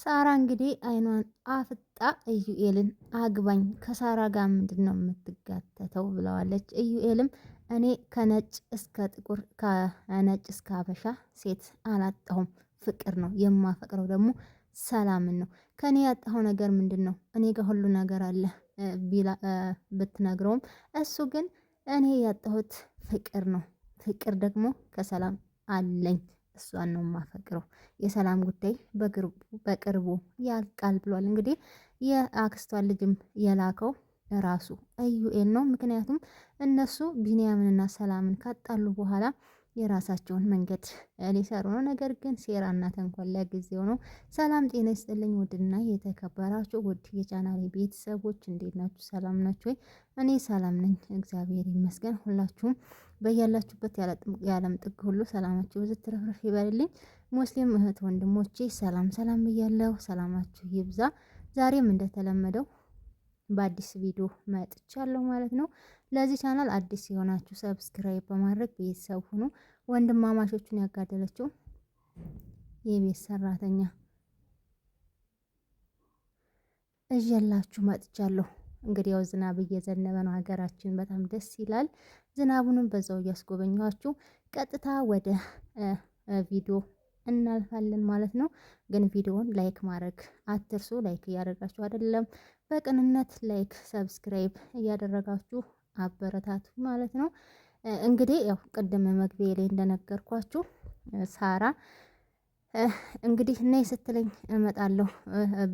ሳራ እንግዲህ አይኗን አፍጣ እዩኤልን አግባኝ ከሳራ ጋር ምንድን ነው የምትጋተተው ብለዋለች። እዩኤልም እኔ ከነጭ እስከ ጥቁር ከነጭ እስከ አበሻ ሴት አላጣሁም፣ ፍቅር ነው የማፈቅረው፣ ደግሞ ሰላምን ነው። ከእኔ ያጣኸው ነገር ምንድን ነው? እኔ ጋር ሁሉ ነገር አለ ብትነግረውም እሱ ግን እኔ ያጣሁት ፍቅር ነው፣ ፍቅር ደግሞ ከሰላም አለኝ እሷን ነው የማፈቅረው። የሰላም ጉዳይ በቅርቡ ያልቃል ብሏል። እንግዲህ የአክስቷን ልጅም የላከው ራሱ እዩኤል ነው። ምክንያቱም እነሱ ቢንያምንና ሰላምን ካጣሉ በኋላ የራሳቸውን መንገድ ሊሰሩ ነው። ነገር ግን ሴራና ተንኮል ለጊዜው ነው። ሰላም ጤና ይስጥልኝ። ውድና የተከበራችሁ ውድ የቻናሌ ቤተሰቦች እንዴት ናችሁ? ሰላም ናችሁ ወይ? እኔ ሰላም ነኝ፣ እግዚአብሔር ይመስገን። ሁላችሁም በያላችሁበት የዓለም ጥግ ሁሉ ሰላማችሁ ብዙ ትርፍርፍ ይበልልኝ። ሙስሊም እህት ወንድሞቼ ሰላም ሰላም ብያለሁ። ሰላማችሁ ይብዛ። ዛሬም እንደተለመደው በአዲስ ቪዲዮ መጥቻለሁ ማለት ነው። ለዚህ ቻናል አዲስ የሆናችሁ ሰብስክራይብ በማድረግ ቤተሰብ ሁኑ። ወንድማማቾቹን ያጋደለችው የቤት ሰራተኛ እየላችሁ መጥቻለሁ። እንግዲህ ያው ዝናብ እየዘነበ ነው ሀገራችን፣ በጣም ደስ ይላል። ዝናቡንም በዛው እያስጎበኘኋችሁ ቀጥታ ወደ ቪዲዮ እናልፋለን ማለት ነው። ግን ቪዲዮውን ላይክ ማድረግ አትርሱ። ላይክ እያደረጋችሁ አይደለም፣ በቅንነት ላይክ፣ ሰብስክራይብ እያደረጋችሁ አበረታቱ ማለት ነው። እንግዲህ ያው ቅድም መግቢያ ላይ እንደነገርኳችሁ ሳራ እንግዲህ ነይ ስትለኝ እመጣለሁ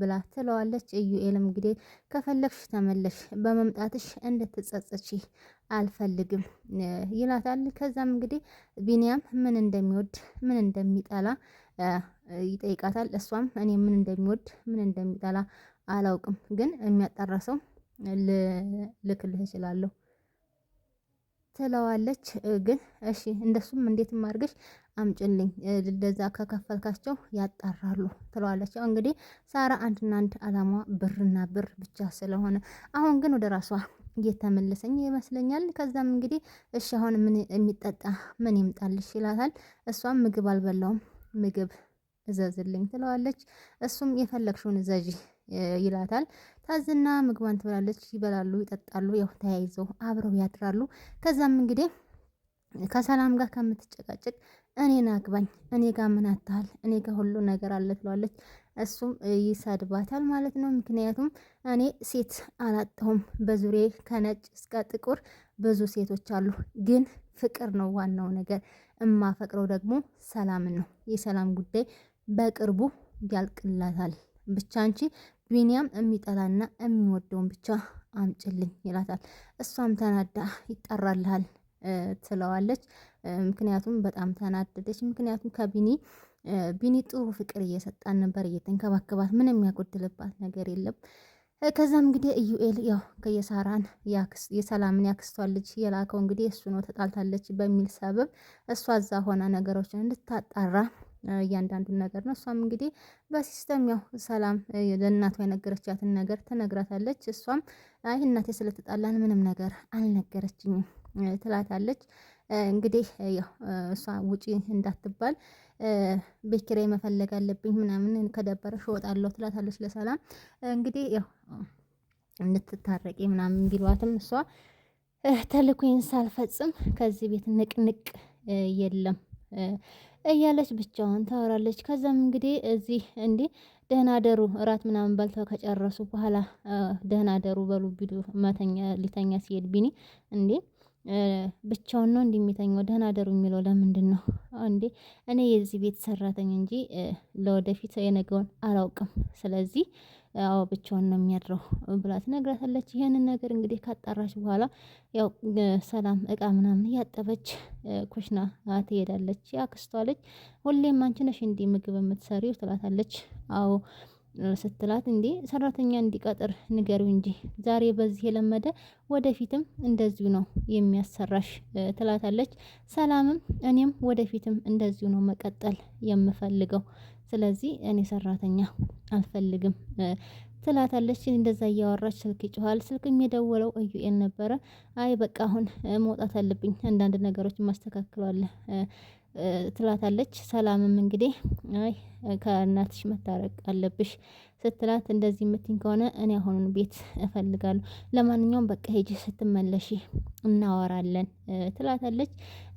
ብላ ትለዋለች። ኢዩኤልም እንግዲህ ከፈለግሽ ተመለሽ፣ በመምጣትሽ እንድትጸጸቺ አልፈልግም ይላታል። ከዛም እንግዲህ ቢንያም ምን እንደሚወድ ምን እንደሚጠላ ይጠይቃታል። እሷም እኔ ምን እንደሚወድ ምን እንደሚጠላ አላውቅም፣ ግን የሚያጣራ ሰው ልክልህ እችላለሁ ትለዋለች። ግን እሺ እንደሱም እንዴትም ማርገሽ አምጭልኝ ልደዛ ከከፈልካቸው ያጣራሉ ትለዋለች። ያው እንግዲህ ሳራ አንድና አንድ አላማ ብርና ብር ብቻ ስለሆነ አሁን ግን ወደ ራሷ እየተመለሰኝ ይመስለኛል። ከዛም እንግዲህ እሺ አሁን ምን የሚጠጣ ምን ይምጣልሽ ይላታል። እሷም ምግብ አልበላውም ምግብ እዘዝልኝ ትለዋለች። እሱም የፈለግሽውን እዘዥ ይላታል። ታዝና ምግቧን ትበላለች። ይበላሉ፣ ይጠጣሉ። ያው ተያይዘው አብረው ያድራሉ። ከዛም እንግዲህ ከሰላም ጋር ከምትጨቃጨቅ እኔን አግባኝ፣ እኔ ጋር ምን አታህል፣ እኔ ጋር ሁሉ ነገር አለ ትለዋለች። እሱም ይሰድባታል ማለት ነው። ምክንያቱም እኔ ሴት አላጣሁም፣ በዙሬ ከነጭ እስከ ጥቁር ብዙ ሴቶች አሉ፣ ግን ፍቅር ነው ዋናው ነገር። እማፈቅረው ደግሞ ሰላምን ነው። የሰላም ጉዳይ በቅርቡ ያልቅላታል። ብቻ አንቺ ቢኒያም የሚጠላና የሚወደውን ብቻ አምጭልኝ ይላታል። እሷም ተናዳ ይጠራልሃል ትለዋለች። ምክንያቱም በጣም ተናደደች። ምክንያቱም ከቢኒ ቢኒ ጥሩ ፍቅር እየሰጣን ነበር፣ እየተንከባከባት ምንም ያጎድልባት ነገር የለም። ከዛም እንግዲህ ኢዩኤል ያው ከየሳራን የሰላምን ያክስቷል ልጅ የላከው እንግዲህ እሱ ነው ተጣልታለች በሚል ሰበብ እሷ እዛ ሆና ነገሮችን እንድታጣራ እያንዳንዱን ነገር ነው። እሷም እንግዲህ በሲስተም ያው ሰላም ለእናቷ የነገረቻትን ነገር ትነግራታለች። እሷም አይ እናቴ ስለተጣላን ምንም ነገር አልነገረችኝም ትላታለች። እንግዲህ እሷ ውጪ እንዳትባል ቤት ኪራይ መፈለግ አለብኝ ምናምን ከደበረሽ እወጣለሁ ትላታለች ለሰላም። እንግዲህ ያው እንድትታረቂ ምናምን ቢሏትም እሷ ተልኩኝ ሳልፈጽም ከዚህ ቤት ንቅንቅ የለም እያለች ብቻውን ታወራለች። ከዛም እንግዲህ እዚህ እንዲህ ደህና ደሩ እራት ምናምን በልተው ከጨረሱ በኋላ ደህና ደሩ በሉ ቢሉ መተኛ ሊተኛ ሲሄድ ቢኒ እንዴ ብቻውን ነው እንዲህ የሚተኛው ደህና አደሩ የሚለው ለምንድን ነው እንዴ? እኔ የዚህ ቤት ሰራተኛ እንጂ ለወደፊት የነገውን አላውቅም። ስለዚህ አዎ ብቻውን ነው የሚያድረው ብላ ትነግራታለች። ይህንን ነገር እንግዲህ ካጣራች በኋላ ያው ሰላም እቃ ምናምን እያጠበች ኩሽና ትሄዳለች። ያክስቷ ልጅ ሁሌም አንቺ ነሽ እንዲህ ምግብ የምትሰሪው ትላታለች። አዎ ስትላት እንዴ ሰራተኛ እንዲቀጥር ንገሩ እንጂ ዛሬ በዚህ የለመደ ወደፊትም እንደዚሁ ነው የሚያሰራሽ ትላታለች። ሰላምም እኔም ወደፊትም እንደዚሁ ነው መቀጠል የምፈልገው፣ ስለዚህ እኔ ሰራተኛ አልፈልግም ትላታለች። እንደዛ እያወራች ስልክ ይጮኋል። ስልክም የደወለው እዩኤል ነበረ። አይ በቃ አሁን መውጣት አለብኝ፣ አንዳንድ ነገሮች ማስተካክለዋለሁ ትላታለች። ሰላምም እንግዲህ አይ ከእናትሽ መታረቅ አለብሽ ስትላት እንደዚህ የምትኝ ከሆነ እኔ አሁኑን ቤት እፈልጋለሁ፣ ለማንኛውም በቃ ሄጂ ስትመለሺ እናወራለን ትላታለች።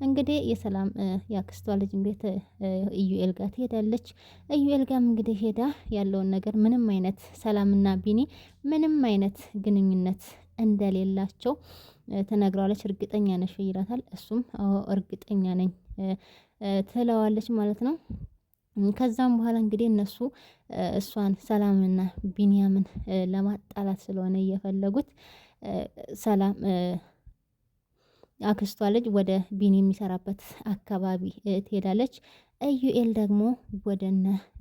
እንግዲህ የሰላም ያክስቷ ልጅ እንዴት ኢዩኤል ጋር ትሄዳለች። ኢዩኤል ጋም እንግዲህ ሄዳ ያለውን ነገር ምንም አይነት ሰላምና ቢኒ ምንም አይነት ግንኙነት እንደሌላቸው ተነግረዋለች። እርግጠኛ ነሽ ይላታል። እሱም አዎ እርግጠኛ ነኝ ትለዋለች ማለት ነው። ከዛም በኋላ እንግዲህ እነሱ እሷን ሰላምና ቢንያምን ለማጣላት ስለሆነ እየፈለጉት ሰላም አክስቷ ልጅ ወደ ቢኒ የሚሰራበት አካባቢ ትሄዳለች። ኢዩኤል ደግሞ ወደ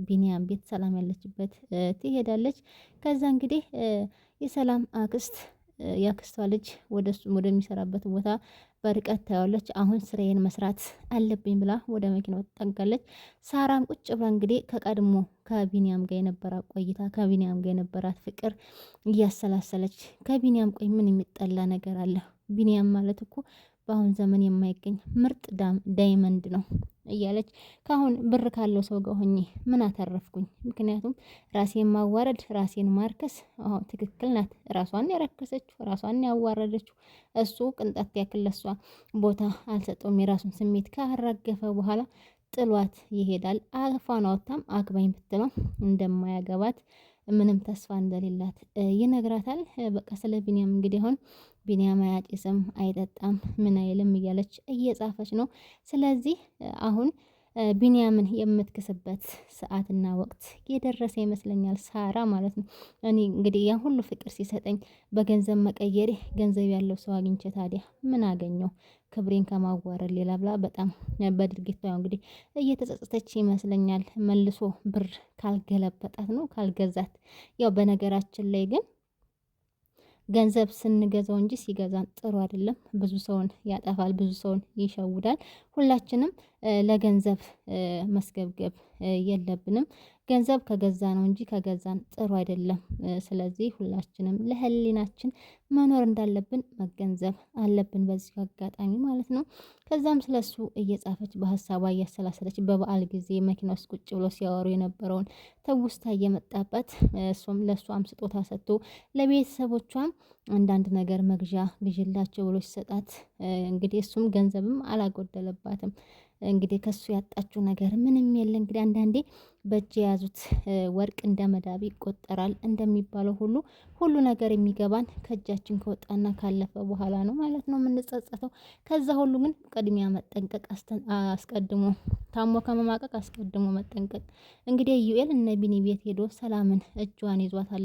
ቢንያም ቤት ሰላም ያለችበት ትሄዳለች። ከዛ እንግዲህ የሰላም አክስት የአክስቷ ልጅ ወደ እሱ ወደሚሰራበት ቦታ በርቀት ታያለች። አሁን ስራዬን መስራት አለብኝ ብላ ወደ መኪናው ትጠጋለች። ሳራም ቁጭ ብላ እንግዲህ ከቀድሞ ከቢኒያም ጋር የነበራት ቆይታ ከቢኒያም ጋር የነበራት ፍቅር እያሰላሰለች ከቢኒያም ቆይ ምን የሚጠላ ነገር አለ? ቢኒያም ማለት እኮ በአሁን ዘመን የማይገኝ ምርጥ ዳይመንድ ነው እያለች ከአሁን ብር ካለው ሰው ጋር ሆኜ ምን አተረፍኩኝ? ምክንያቱም ራሴን ማዋረድ፣ ራሴን ማርከስ። አዎ ትክክል ናት። ራሷን ያረከሰችው፣ ራሷን ያዋረደችው እሱ ቅንጣት ያክል ለሷ ቦታ አልሰጠውም። የራሱን ስሜት ካረገፈ በኋላ ጥሏት ይሄዳል። አፏን አወታም አግባኝ ብትለው እንደማያገባት ምንም ተስፋ እንደሌላት ይነግራታል። በቃ ስለ ቢንያም እንግዲህ አሁን ቢንያም አያጭስም፣ አይጠጣም፣ ምን አይልም እያለች እየጻፈች ነው። ስለዚህ አሁን ቢንያምን የምትክስበት ሰዓትና ወቅት የደረሰ ይመስለኛል፣ ሳራ ማለት ነው። እኔ እንግዲህ ያ ሁሉ ፍቅር ሲሰጠኝ በገንዘብ መቀየሬ ገንዘብ ያለው ሰው አግኝቼ ታዲያ ምን አገኘው? ክብሬን ከማዋረድ ሌላ ብላ በጣም በድርጊቷ እንግዲህ እየተጸጸተች ይመስለኛል። መልሶ ብር ካልገለበጣት ነው ካልገዛት። ያው በነገራችን ላይ ግን ገንዘብ ስንገዛው እንጂ ሲገዛን ጥሩ አይደለም። ብዙ ሰውን ያጠፋል፣ ብዙ ሰውን ይሸውዳል። ሁላችንም ለገንዘብ መስገብገብ የለብንም። ገንዘብ ከገዛ ነው እንጂ ከገዛን ጥሩ አይደለም። ስለዚህ ሁላችንም ለህሊናችን መኖር እንዳለብን መገንዘብ አለብን በዚህ አጋጣሚ ማለት ነው። ከዛም ስለሱ እየጻፈች በሀሳቧ እያሰላሰለች በበዓል ጊዜ መኪና ውስጥ ቁጭ ብሎ ሲያወሩ የነበረውን ትውስታ እየመጣበት እሱም ለእሷም ስጦታ ሰጥቶ ለቤተሰቦቿም አንዳንድ ነገር መግዣ ግዥላቸው ብሎ ሲሰጣት እንግዲህ እሱም ገንዘብም አላጎደለባትም። እንግዲህ ከሱ ያጣችው ነገር ምንም የለ እንግዲህ አንዳንዴ በእጅ የያዙት ወርቅ እንደ መዳብ ይቆጠራል እንደሚባለው ሁሉ ሁሉ ነገር የሚገባን ከእጃችን ከወጣና ካለፈ በኋላ ነው ማለት ነው የምንጸጸተው። ከዛ ሁሉ ግን ቅድሚያ መጠንቀቅ፣ አስቀድሞ ታሞ ከመማቀቅ አስቀድሞ መጠንቀቅ። እንግዲህ ዩኤል እነ ቢኒ ቤት ሄዶ ሰላምን እጇን ይዟታል።